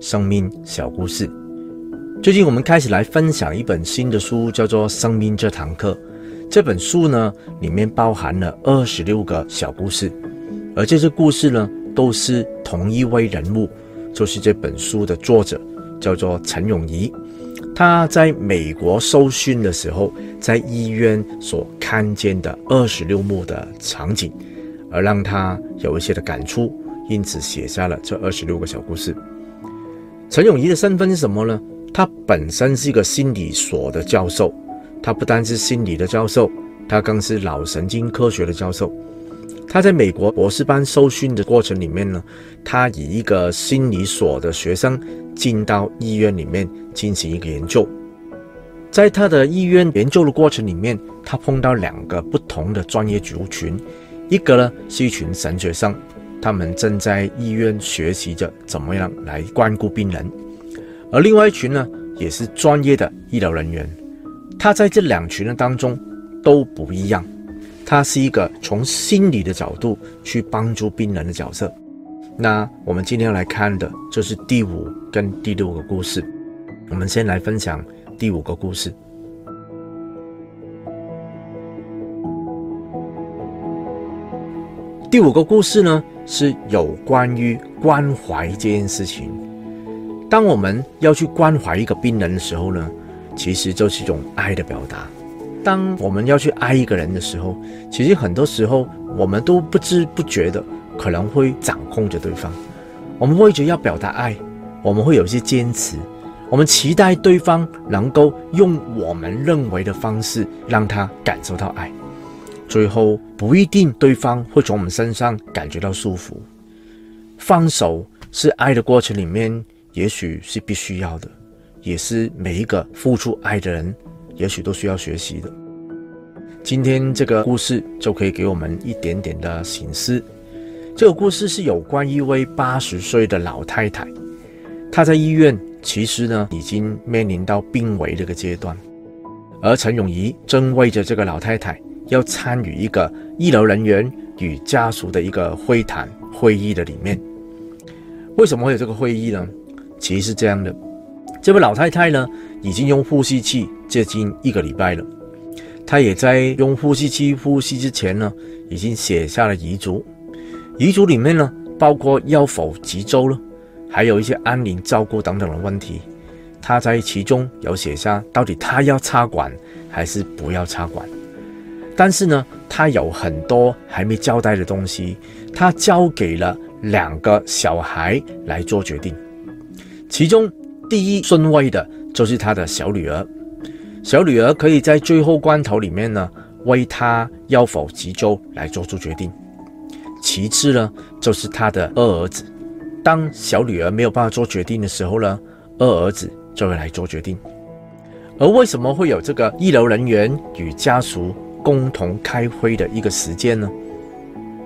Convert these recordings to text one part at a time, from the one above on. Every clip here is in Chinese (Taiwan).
生命小故事。最近我們開始來分享一本新的書，叫做《生命這堂課》。這本書呢，裡面包含了二十六個小故事，而這些故事呢，都是同一位人物，就是這本書的作者，叫做陳永儀。他在美國受訓的時候，在醫院所看見的二十六幕的場景，而讓他有一些的感觸，因此寫下了這二十六個小故事。陳永儀的身份是什麼呢？他本身是一個心理所的教授，他不單是心理的教授，他更是腦神經科學的教授。他在美國博士班受訓的過程裡面呢，他以一個心理所的學生進到醫院裡面進行一個研究。在他的醫院研究的過程裡面，他碰到兩個不同的專業族群，一個呢是一群神學生。他們正在醫院學習着怎麼樣來關顧病人，而另外一群呢，也是專業的醫療人員。他在這兩群的當中都不一樣，他是一個從心理的角度去幫助病人的角色。那我們今天要來看的就是第五跟第六個故事。我們先來分享第五個故事。第五個故事呢？是有關於關懷這件事情。當我們要去關懷一個病人的時候呢，其實就是一種愛的表達。當我們要去愛一個人的時候，其實很多時候我們都不知不覺的可能會掌控着對方。我們為著要表達愛，我們會有一些堅持，我們期待對方能夠用我們認為的方式讓他感受到愛。最後不一定對方會從我們身上感覺到舒服。放手是愛的過程裡面，也許是必須要的，也是每一個付出愛的人，也許都需要學習的。今天這個故事就可以給我們一點點的省思。這個故事是有關一位八十歲的老太太，她在醫院，其實呢已經面臨到病危的一個階段，而陳永儀正為着這個老太太。要參與一個醫療人員與家屬的一個會談會議的裡面，為什麼會有這個會議呢？其實是這樣的，這位老太太呢，已經用呼吸器接近一個禮拜了，她也在用呼吸器呼吸之前呢，已經寫下了遺囑，遺囑裡面呢，包括要否急救了，還有一些安寧照顧等等的問題，她在其中有寫下，到底她要插管還是不要插管。但是呢，他有很多還沒交代的東西，他交給了兩個小孩來做決定。其中第一順位的就是他的小女兒，小女兒可以在最後關頭裡面呢，為他要否急救來做出決定。其次呢，就是他的二兒子。當小女兒沒有辦法做決定的時候呢，二兒子就會來做決定。而為什麼會有這個醫療人員與家屬共同開會的一個時間呢，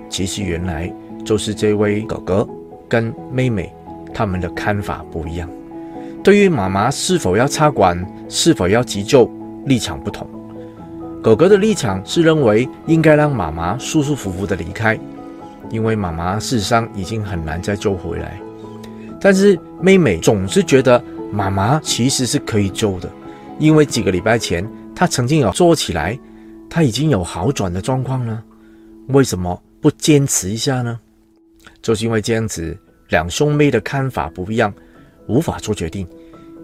其實原來就是這位哥哥跟妹妹他們的看法不一樣。對於媽媽是否要插管，是否要急救，立場不同。哥哥的立場是認為應該讓媽媽舒舒服服的離開，因為媽媽事實上已經很難再救回來。但是妹妹總是覺得媽媽其實是可以救的，因為幾個禮拜前她曾經有坐起來。他已經有好轉的狀況呢，為什麼不堅持一下呢？就是因為這樣子，兩兄妹的看法不一樣，無法做決定。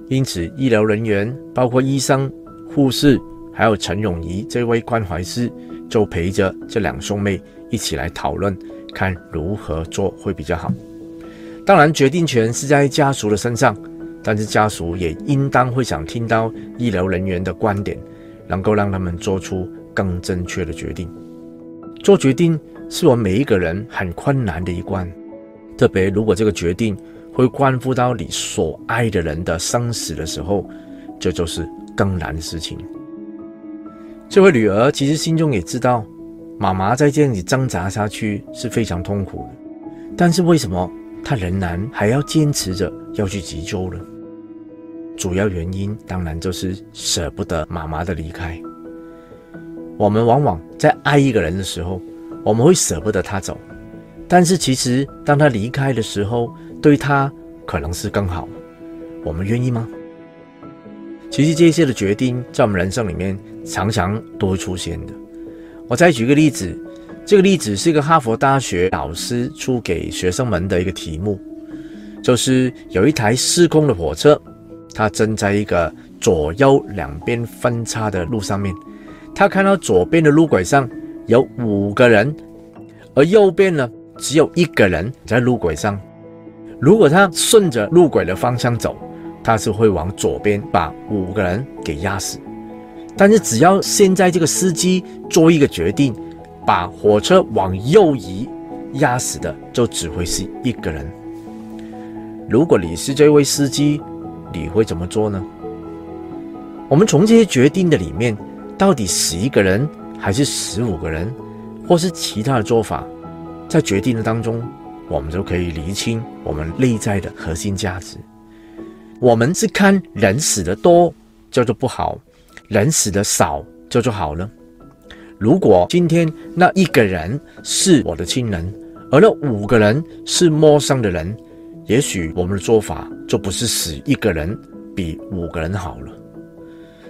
因此，醫療人員包括醫生、護士，還有陳永儀這位關懷師，就陪着這兩兄妹一起來討論，看如何做會比較好。當然，決定權是在家屬的身上，但是家屬也應當會想聽到醫療人員的觀點，能夠讓他們做出。更正確的決定，做決定是我們每一個人很困難的一關，特別如果這個決定會關乎到你所愛的人的生死的時候，這就是更難的事情。這位女兒其實心中也知道，媽媽在這樣子掙扎下去是非常痛苦的，但是為什麼她仍然還要堅持着要去急救呢？主要原因當然就是舍不得媽媽的離開。我們往往在愛一個人的時候，我們會捨不得他走，但是其實當他離開的時候，對他可能是更好。我們願意嗎？其實這些的決定，在我們人生裡面常常都會出現的。我再舉一個例子，這個例子是一個哈佛大學老師出給學生們的一個題目，就是有一台失控的火車，它正在一個左右兩邊分叉的路上面。他看到左邊的路軌上有五個人，而右邊呢，只有一個人在路軌上。如果他順着路軌的方向走，他是會往左邊把五個人給壓死。但是只要現在這個司機做一個決定，把火車往右移，壓死的就只會是一個人。如果你是這位司機，你會怎麼做呢？我們從這些決定的裡面。到底死一個人還是五個人，或是其他的做法，在決定的當中，我們就可以釐清我們內在的核心價值。我們是看人死的多叫做不好，人死的少叫做好了。如果今天那一個人是我的親人，而那五個人是陌生的人，也許我們的做法就不是死一個人比五個人好了。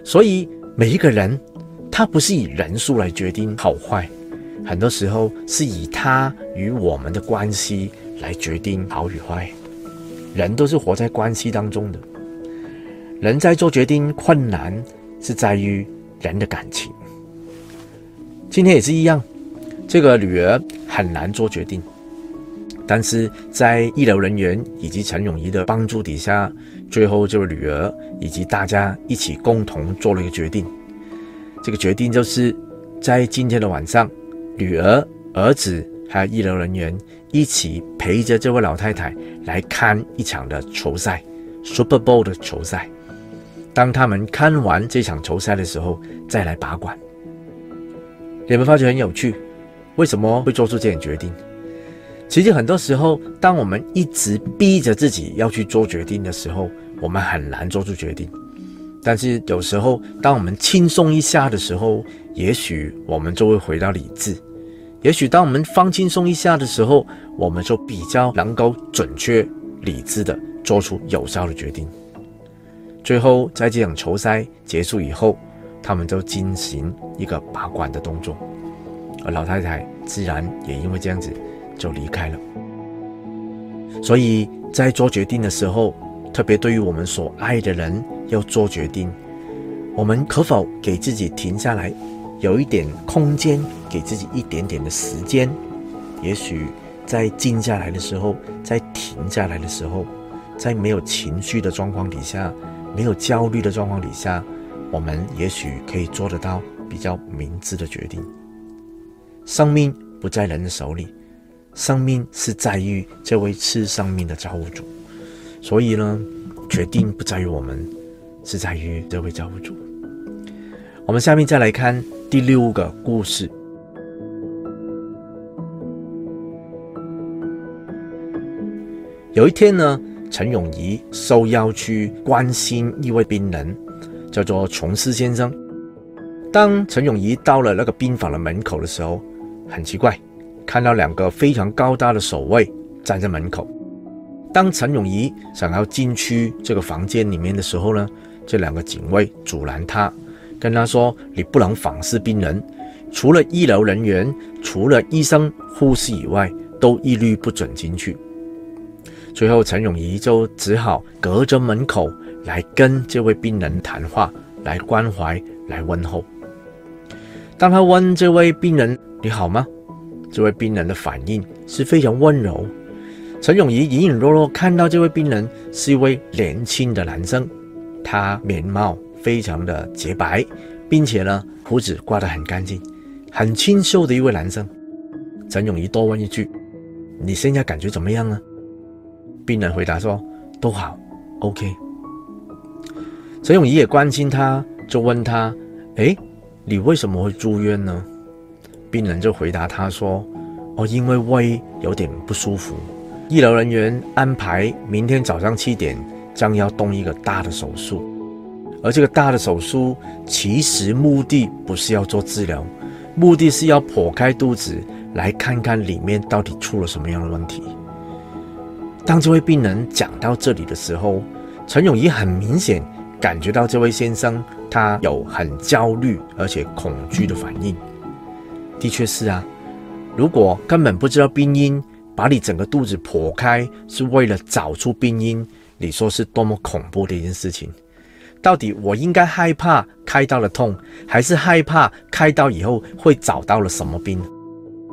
所以每一個人。他不是以人數來決定好壞，很多時候是以他與我們的關係來決定好與壞。人都是活在關係當中的，人在做決定困難是在於人的感情。今天也是一樣，這個女兒很難做決定，但是在醫療人員以及陳永儀的幫助底下，最後這個女兒以及大家一起共同做了一個決定。這個決定就是，在今天的晚上，女兒、兒子還有醫療人員一起陪着這位老太太來看一場的球賽 ——Super Bowl 的球賽。當他們看完這場球賽的時候，再來拔管。你們發覺很有趣？為什麼會做出這種決定？其實很多時候，當我們一直逼着自己要去做決定的時候，我們很難做出決定。但是有時候，當我們輕鬆一下的時候，也許我們就會回到理智；也許當我們放輕鬆一下的時候，我們就比較能夠準確、理智地做出有效的決定。最後，在這場球賽結束以後，他們就進行一個拔管的動作，而老太太自然也因為這樣子就離開了。所以在做決定的時候，特別對於我們所愛的人，要做決定，我們可否給自己停下來，有一點空間，給自己一點點的時間？也許在靜下來的時候，在停下來的時候，在沒有情緒的狀況底下，沒有焦慮的狀況底下，我們也許可以做得到比較明智的決定。生命不在人的手裡，生命是在於這位賜生命的造物主。所以呢，決定不在於我們，是在於這位造物主。我們下面再來看第六個故事。有一天呢，陳永儀受邀去關心一位病人，叫做瓊斯先生。當陳永儀到了那個病房的門口的時候，很奇怪，看到兩個非常高大的守衛站在門口。當陳永儀想要進去這個房間裡面的時候呢，這兩個警衛阻攔他，跟他說：“你不能訪視病人，除了醫療人員、除了醫生、護士以外，都一律不准進去。”最後，陳永儀就只好隔着門口來跟這位病人談話，來關懷，來問候。當他問這位病人：“你好嗎？”這位病人的反應是非常溫柔。陳永儀隱隱約約看到這位病人是一位年輕的男生，他面貌非常的潔白，並且呢鬍子刮得很乾淨，很清秀的一位男生。陳永儀多問一句：“你現在感覺怎麼樣呢？”病人回答說：“都好，OK。”陳永儀也關心他，就問他：“哎，你為什麼會住院呢？”病人就回答他說：“哦，因為胃有點不舒服。”醫療人員安排明天早上七點將要動一個大的手術，而這個大的手術其實目的不是要做治療，目的是要剖開肚子來看看裡面到底出了什麼樣的問題。當這位病人講到這裡的時候，陳永儀很明顯感覺到這位先生他有很焦慮而且恐懼的反應。的確是啊，如果根本不知道病因。把你整個肚子剖開是為了找出病因，你說是多麼恐怖的一件事情？到底我應該害怕開刀的痛，還是害怕開刀以後會找到了什麼病？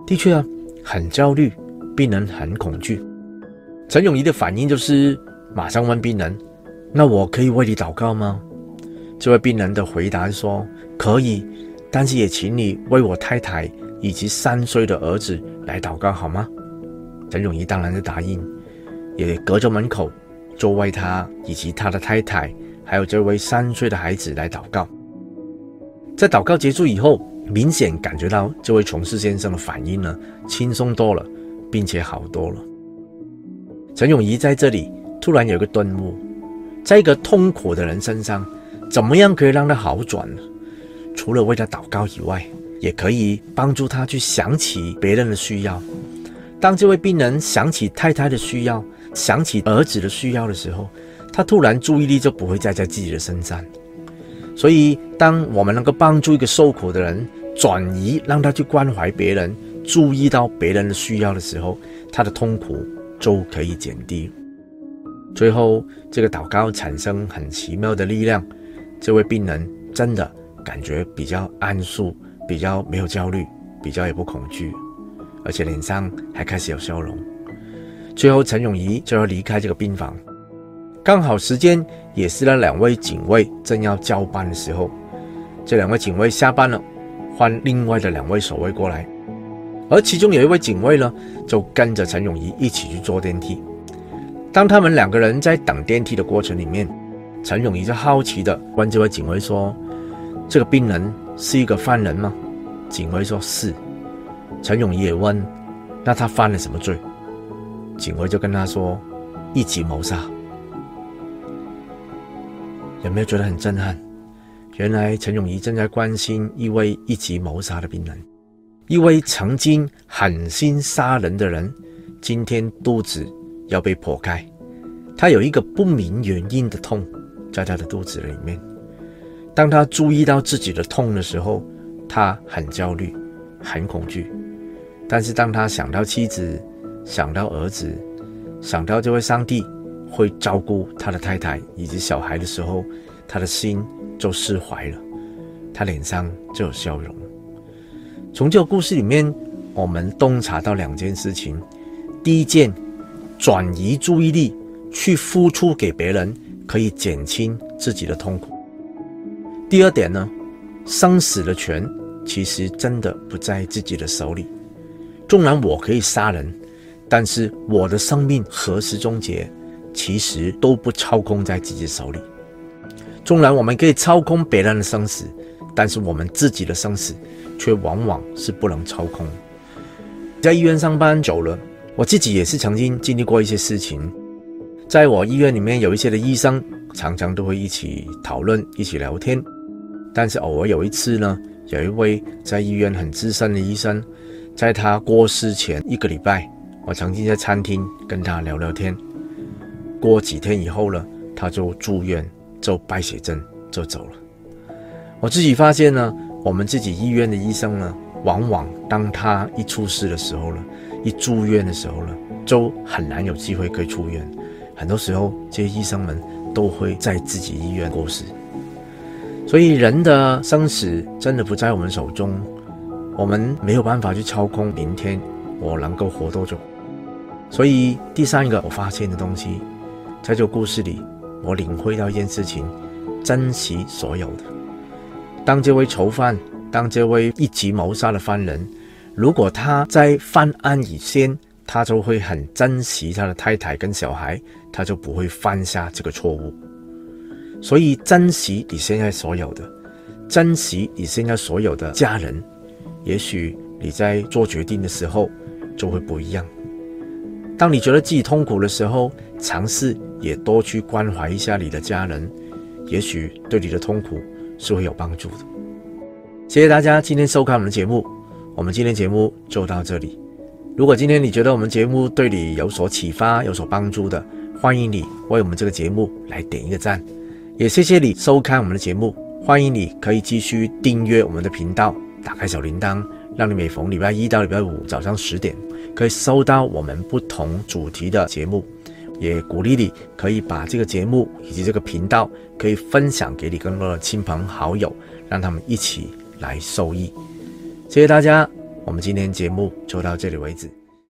的確啊，很焦慮，病人很恐懼。陳永儀的反應就是馬上問病人：“那我可以為你禱告嗎？”這位病人的回答說：“可以，但是也請你為我太太以及三歲的兒子來禱告，好嗎？”陳永儀當然就答應，也隔着門口，就為他以及他的太太，還有這位三歲的孩子來禱告。在禱告結束以後，明顯感覺到這位崇士先生的反應呢，輕鬆多了，並且好多了。陳永儀在這裡突然有個頓悟，在一個痛苦的人身上，怎麼樣可以讓他好轉呢？除了為他禱告以外，也可以幫助他去想起別人的需要。當這位病人想起太太的需要，想起兒子的需要的時候，他突然注意力就不會再在在自己的身上。所以，當我們能夠幫助一個受苦的人轉移，讓他去關懷別人，注意到別人的需要的時候，他的痛苦就可以減低。最後，這個禱告產生很奇妙的力量，這位病人真的感覺比較安舒，比較沒有焦慮，比較也不恐懼。而且臉上還開始有笑容，最後陳永儀就要離開這個病房，剛好時間也是那兩位警衛正要交班的時候，這兩位警衛下班了，換另外的兩位守衛過來，而其中有一位警衛呢，就跟着陳永儀一起去坐電梯。當他們兩個人在等電梯的過程裡面，陳永儀就好奇的問這位警衛說：“這個病人是一個犯人嗎？”警衛說：“是。”陳永儀也問：“那他犯了什麼罪？”警衛就跟他說：“一級謀殺。”有沒有覺得很震撼？原來陳永儀正在關心一位一級謀殺的病人，一位曾經狠心殺人的人，今天肚子要被剖開，他有一個不明原因的痛在他的肚子裡面。當他注意到自己的痛的時候，他很焦慮，很恐懼。但是當他想到妻子，想到兒子，想到這位上帝會照顧他的太太以及小孩的時候，他的心就釋懷了，他臉上就有笑容。從這個故事裡面，我們洞察到兩件事情：第一件，轉移注意力去付出給別人，可以減輕自己的痛苦；第二點呢，生死的權其實真的不在自己的手裡。縱然我可以殺人，但是我的生命何時終結，其實都不操控在自己手裡。縱然我們可以操控別人的生死，但是我們自己的生死，卻往往是不能操控。在醫院上班久了，我自己也是曾經經歷過一些事情。在我醫院裡面，有一些的醫生，常常都會一起討論、一起聊天。但是偶爾有一次呢，有一位在醫院很資深的醫生，在他過世前一個禮拜，我曾經在餐廳跟他聊聊天。過幾天以後呢，他就住院，就敗血症，就走了。我自己發現呢，我們自己醫院的醫生呢，往往當他一出事的時候，一住院的時候呢，就很難有機會可以出院。很多時候，這些醫生們都會在自己醫院過世。所以，人的生死真的不在我們手中。我們沒有辦法去操控明天我能夠活多久，所以第三個我發現的東西，在這個故事裡，我領會到一件事情：珍惜所有的。當這位囚犯，當這位一級謀殺的犯人，如果他在犯案以前，他就會很珍惜他的太太跟小孩，他就不會犯下這個錯誤。所以珍惜你現在所有的，珍惜你現在所有的家人。也許你在做決定的時候就會不一樣。當你覺得自己痛苦的時候，嘗試也多去關懷一下你的家人，也許對你的痛苦是會有幫助的。謝謝大家今天收看我們的節目，我們今天節目就到這裡。如果今天你覺得我們節目對你有所啟發、有所幫助的，歡迎你為我們這個節目來點一個贊。也謝謝你收看我們的節目，歡迎你可以繼續訂閱我們的頻道。打開小鈴鐺，讓你每逢禮拜一到禮拜五早上十點可以收到我們不同主題的節目，也鼓勵你可以把這個節目以及這個頻道可以分享給你更多的親朋好友，讓他們一起來受益。謝謝大家，我們今天節目就到這裡為止。